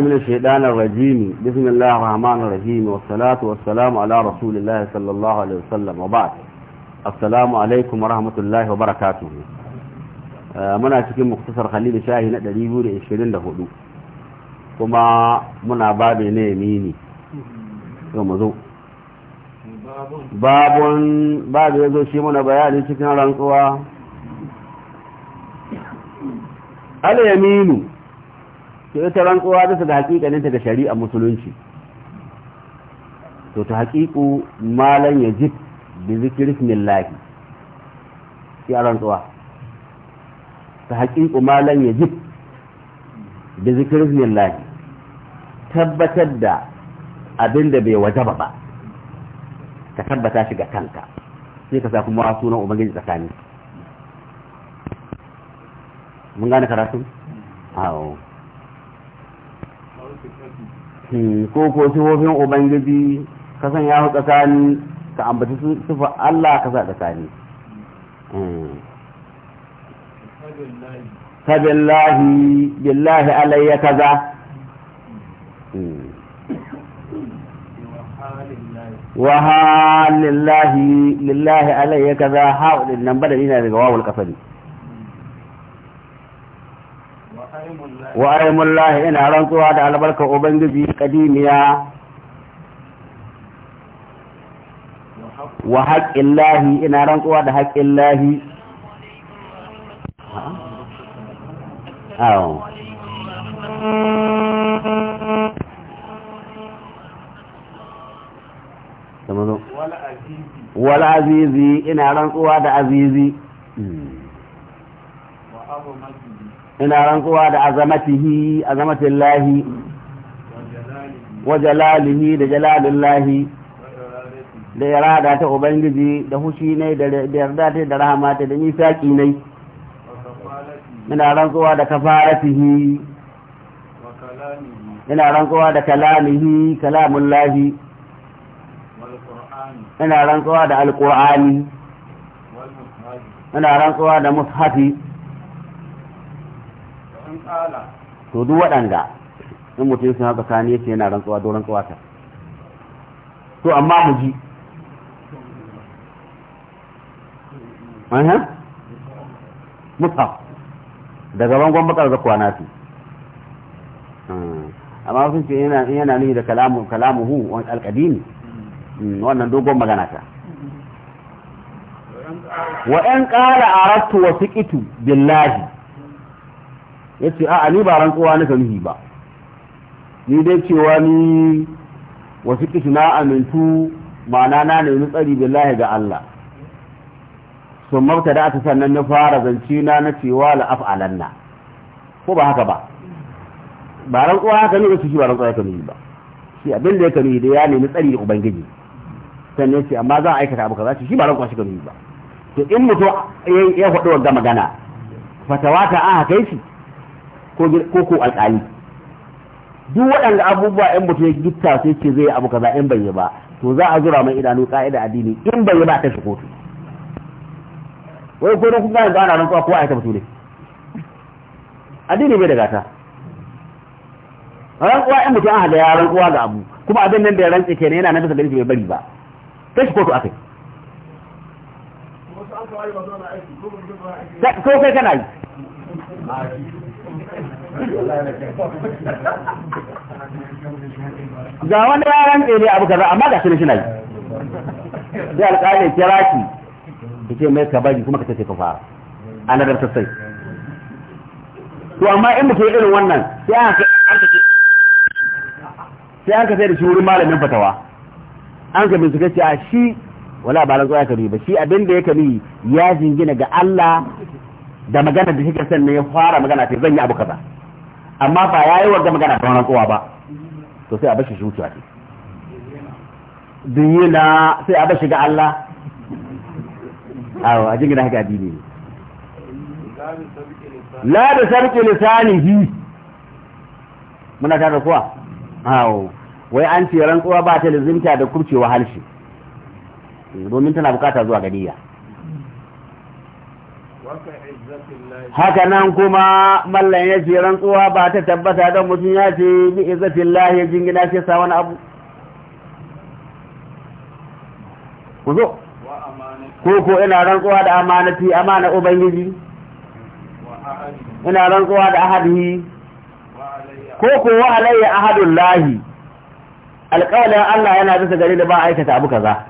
من الشيطان الرجيم بسم الله الرحمن الرحيم والصلاة والسلام على رسول الله صلى الله عليه وسلم وبعد السلام عليكم ورحمة الله وبركاته muna cikin muktasar khalilu shahi na 224 kuma muna babi ne mini yau mu zo babun babu ya zo shi muna bayani cikin rantsuwa al yaminu to ita rantsuwa bisa ga hakikanin ta ga shari'a musulunci to ta hakiku malan ya bi zikri millahi shi a rantsuwa ta hakiku malan yajid bi zikri millahi tabbatar da abin da bai wajaba ba ka tabbata shi ga kanka sai ka sa kuma sunan ubangiji tsakani mun gane karatu? awo Hmm, ko ko sifofin ubangiji ka san ya tsakani ka ambaci sifa Allah ka sa tsakani ta hmm. billahi billahi alayya kaza hmm. wa halillahi lillahi lillahi alayya kaza ha nan badalina daga wawul kafari wa aimullahi ina rantsuwa da albarkar ubangiji kadimiya wa haƙƙin lahi ina rantsuwa da haƙƙin lahi wal azizi ina rantsuwa da azizi hmm. ina rantsuwa da azamatihi azamatillahi wa jalalihi da jalalillahi da irada ta ubangiji da hushi ne da yarda ta da rahama ta da nisaki ne ina rantsuwa da kafaratihi ina rantsuwa da kalamihi kalamullahi ina rantsuwa da alqur'ani ina rantsuwa da mushafi to duk waɗanda in mutum sun haka sani yake yana rantsuwa don rantsuwa ta to amma mu ji mutsa daga bangon bakar da kwana su ah. amma sun ce yana nuni da kalamu hu kalamuhu ne. Hmm, wannan dogon magana ta wa ‘yan ƙara a rattu wa fiƙitu billahi ya ce a ni ba rantsuwa na nuhi ba ni dai cewa ni wasu na amintu ma'ana na nemi tsari billahi ga Allah sun mafta da ta sannan na fara zance na na cewa la'af'alanna ko ba haka ba ba rantsuwa haka ne wasu shi ba rantsuwa haka ne ba shi abin da ya kanu da ya nemi tsari da ubangiji sannan ce amma za a aikata abu kaza shi ba rantsuwa shi kanu ba to in mutum ya faɗo wanda magana fatawa ta an haka shi ko ko alƙali duk waɗanda abubuwa ɗan mutum ya gitta sai ce zai abu kaza in bai yi ba to za a zura mai idanu ƙa'ida addini in bai yi ba ta shi kotu wai ko don kun gane gana nan ko ko ya taɓa tule addini bai da gata ran kuwa in mutum an haga yaran kuwa ga abu kuma abin nan da ya rantse kenan yana nan bisa gari bai bari ba ta shi kotu akai ko kai kana yi ga wani yaran ɗaya abu kaza amma ga shi shi na yi sai alƙali kira ki ki ce mai kabaji kuma ka ce ka fara a nadar sassai to amma in mutum irin wannan sai an ka sai an ka sai da shi wurin malamin fatawa an ka bincike ce a shi wala ba rantsuwa ka ba shi abin da ya kari ya jingina ga Allah da magana da shi ne ya fara magana ce zan yi abu kaza amma ba ya yi wagga magana ta kowa ba to sai a bashi zuciya ce dunyina sai a bashi ga Allah a a gina haka addini ne la da sarki hi. muna tare kuwa awo wai an ce rantsuwa ba ta lizimta da kurcewa halshe domin tana bukata zuwa gadiya. haka nan kuma mallan ya ce rantsuwa ba ta tabbata don mutum ya ce bi izzatin lahiyar jingina shi sa wani abu ku zo ko ko ina rantsuwa da amanati amana ubangiji ina rantsuwa da ahadihi ko ko wa alayya ahadullahi alƙawalin Allah yana bisa gari da ba aikata abu kaza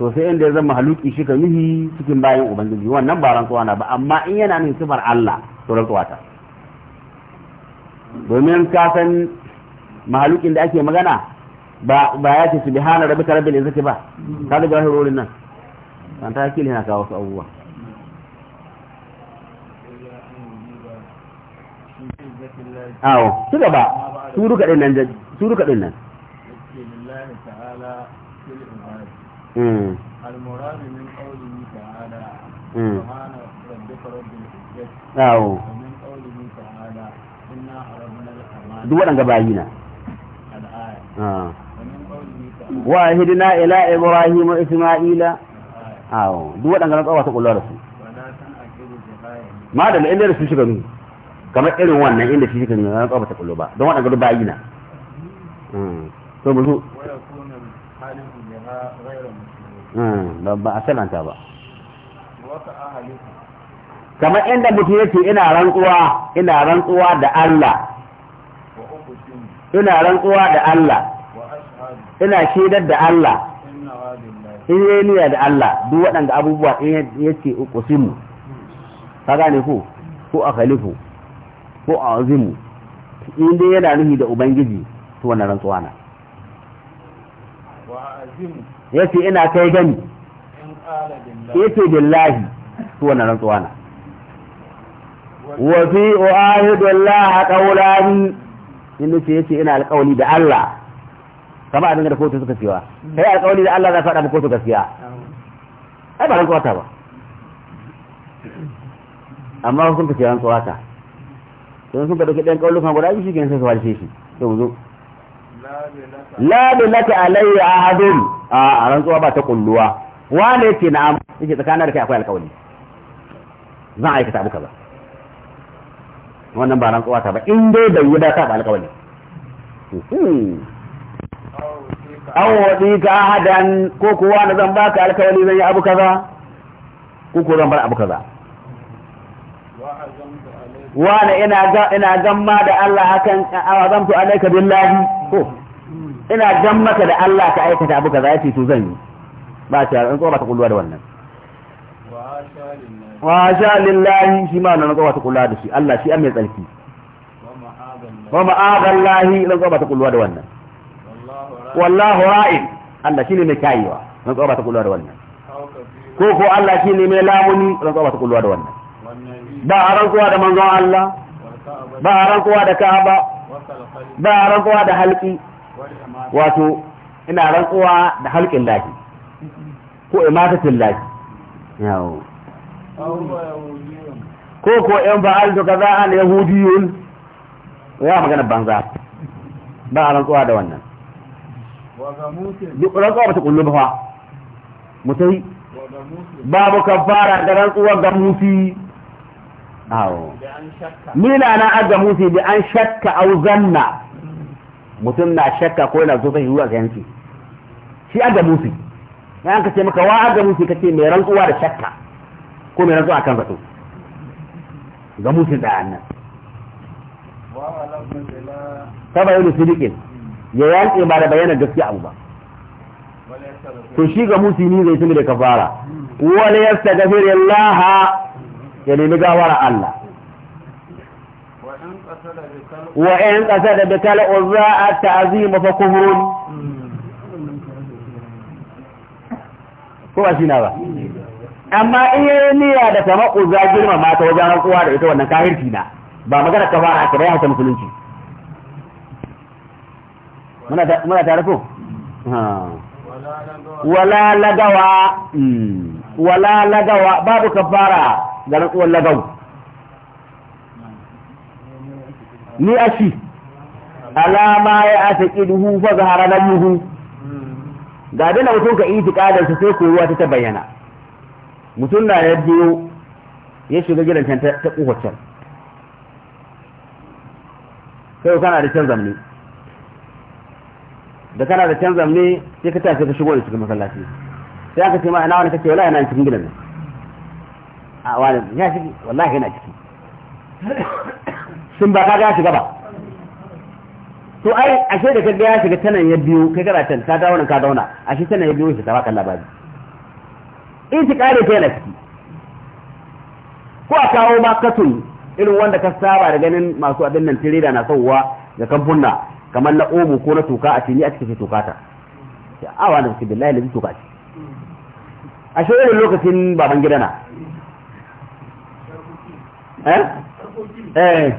to sai inda ya zama haluki shi ka nuhi cikin bayan ubangiji wannan ba rantsuwa na ba amma in yana nuhin sifar Allah to rantsuwa ta domin ka san mahalukin da ake magana ba ba ya ce subhana rabbika rabbil izzati ba ka ga jahirorin nan an ta kili na kawo su abubuwa awo su gaba su duka din nan su duka din nan المراد من قوله تعالى سبحان ربك رب العزة ومن قوله تعالى إنا الأمانة دو الآية ومن قوله تعالى واهدنا إلى إبراهيم وإسماعيل na tsawata kullar da su ma da inda su shiga nuna kamar irin wannan inda shi shiga nuna na ta kullu ba don waɗanda duk bayi na mm. to mu Hmm, ba a sananta ba kamar inda mutu ya ce ina rantsuwa ina rantsuwa da Allah ina rantsuwa da Allah ina shidar da Allah in yi niyar da Allah duk waɗanda abubuwa in ya ce uqsimu ka gane ko ko a khalifu ko a azimu in dai yana nuhi da ubangiji to wannan rantsuwa na wa azimu yace ina kai gani yace billahi to wannan rantsuwa na wa fi uahidu Allah qawlan inda ce yace ina alƙawli da Allah kama a da kotu suka cewa kai alƙawli da Allah za faɗa mu kotu gaskiya ai ba rantsuwa ta ba amma sun ka ce rantsuwa ta don sun ka dauki ɗan ƙaunukan guda shi ke sai su harshe shi sai zo labinata alayya hadin a rantsuwa ba ta kulluwa wane na amu, yake tsakanar da kai akwai alkawali zan aikata abu kaza wannan ba rantsuwa ta ba in dai bai yi da ta ba alkawali hmm. an waɗi ka hadan ko kuwa na zan ka alkawali zan yi abu kaza ko ko zan bar abu kaza wani ina gamma da Allah hakan akan azamtu alaika billahi ko ina gammaka da Allah ka aikata abu kaza ce to zan yi ba ta ran tsoba ta kulluwa da wannan wa sha lillahi shi ma nan tsoba ta kulluwa da shi Allah shi an mai tsarki wa ma'adan lahi ran tsoba ta kulluwa da wannan wallahu ra'in Allah shi ne mai kayewa ran tsoba ta kulluwa da wannan ko ko Allah shi ne mai lamuni ran tsoba ta kulluwa da wannan ba a rankuwa da manzon Allah ba a rankuwa da Ka'aba ba a rankuwa da halki wato ina rankuwa da halkin laki ko imatatin laki yawo ko ko yan ba'al to kaza an yahudiyun ya magana banza ba a rankuwa da wannan duk rantsuwa ba ta kullu ba fa mutai babu kafara da rantsuwa ga mufi nila na aga musu bi an shakka au zanna mutum na shakka ko yana zuwa yiwuwa ga yanki shi aga musu ya an kace maka wa aga musu kace mai rantsuwa da shakka ko mai rantsuwa kan zato ga musu da annan ta da sidikin ya yanke ba da bayyana gaskiya abu ba to shi ga musu ni zai tuni da kafara gafirin laha ya nemi gawara Allah wa ‘yan ƙasa da kal uzza a ta'zim fa kufrun ko ba shi na ba amma in yayi niyya da kama uzza girma mata ta wajen hankuwa da ita wannan kafirci na ba magana fara ka ba ya ta musulunci muna ta tare ko wala lagawa hmm. wala lagawa babu kafara ga rantsuwar lagau ni a shi alama ya ake ƙiduhu fa zahara na muhu ga dana mutum ka iti ƙadarsa sai koruwa ta ta bayyana mutum na ya biyo ya shiga gidan can ta can. sai kana da can zamani. da kana da can zamani, sai ka tafi ka shigo da cikin masallaci sai aka ce ma ina wani kake wala yana cikin gidan nan a wani ya shi wallahi yana ciki sun ba kaga ya shiga ba to ai ashe da kaga ya shiga tanan ya biyo kai kana tan ka dawo ka dauna ashe tanan ya biyo shi ta baka labari in shi kare kai yana ciki ko a kawo ma katun irin wanda ka saba da ganin masu abin nan tireda na sauwa da kamfunna kamar na omo ko na toka a cini a cikin toka ta A wani su billahi da toka ce ashe irin lokacin baban gidana eh eh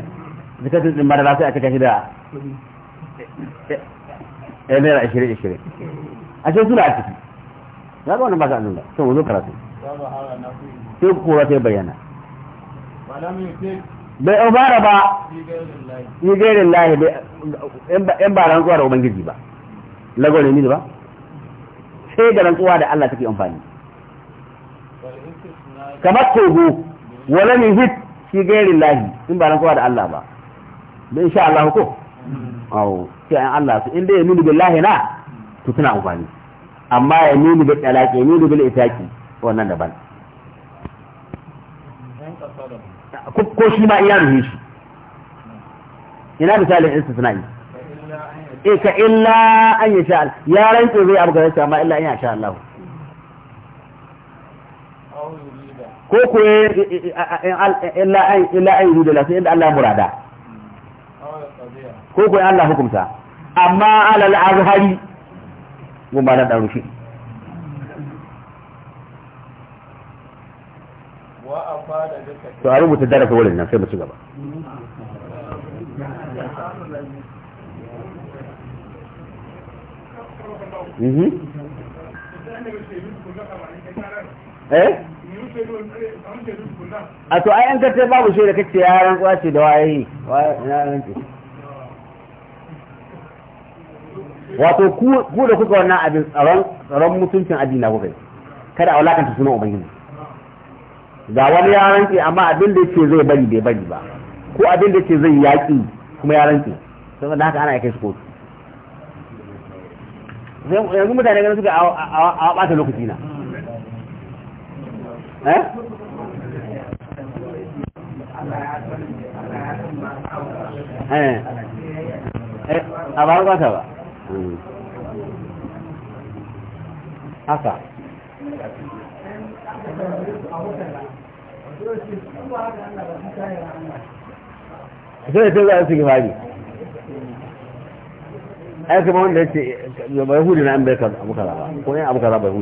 zakatun din madara sai aka tashi da eh naira ashirin ashirin a ce suna a ciki ya ga wannan ba sa nuna sun wuzo karatu sai kura sai bayyana bai ubara ba yi gairin lahi in ba rantsuwa da ubangiji ba lagos ne ba sai da rantsuwa da Allah take amfani kamar kogo wala ne hit fi gairin lahi in ba kowa da Allah ba don insha Allah ko awo sai an Allah su inda ya nuna billahi na to suna amfani amma ya nuna bil talaqi ya nuna bil itaqi wannan daban ko shi ma iya ruhi shi ina misali istisna'i eh ka illa an yasha ya rantsa zai abu ga amma illa an yasha Allah ko ko eh, eh, eh, illa an yi da yudu la sai Allah murada ko ko Allah hukumta amma alal azhari mun ba da daru shi to a rubuta darasa wurin nan sai mu ci gaba Mm-hmm. Eh? a to ai an karfe babu shi da kace ya rantsuwa ce da waye na rantsi wato ku da kuka wannan abin tsaron mutuncin adina kuka yi kada a walakanta suna ubangiji ga wani ya rantsi amma abin da ke zai bari bai bari ba ko abin da ke zai yaƙi kuma ya rantsi da haka ana kai su kotu yanzu mutane ganin suka a ɓata lokaci na Eh? Eh. Eh, a ba kwata hmm. ba haka za a su wanda ba ko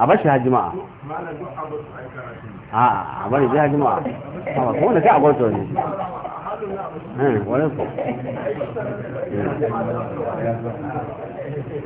a bar shi hajjima'a a a bari shi hajjima'a a kuma wanda ka a gwarto ne wani ko eh.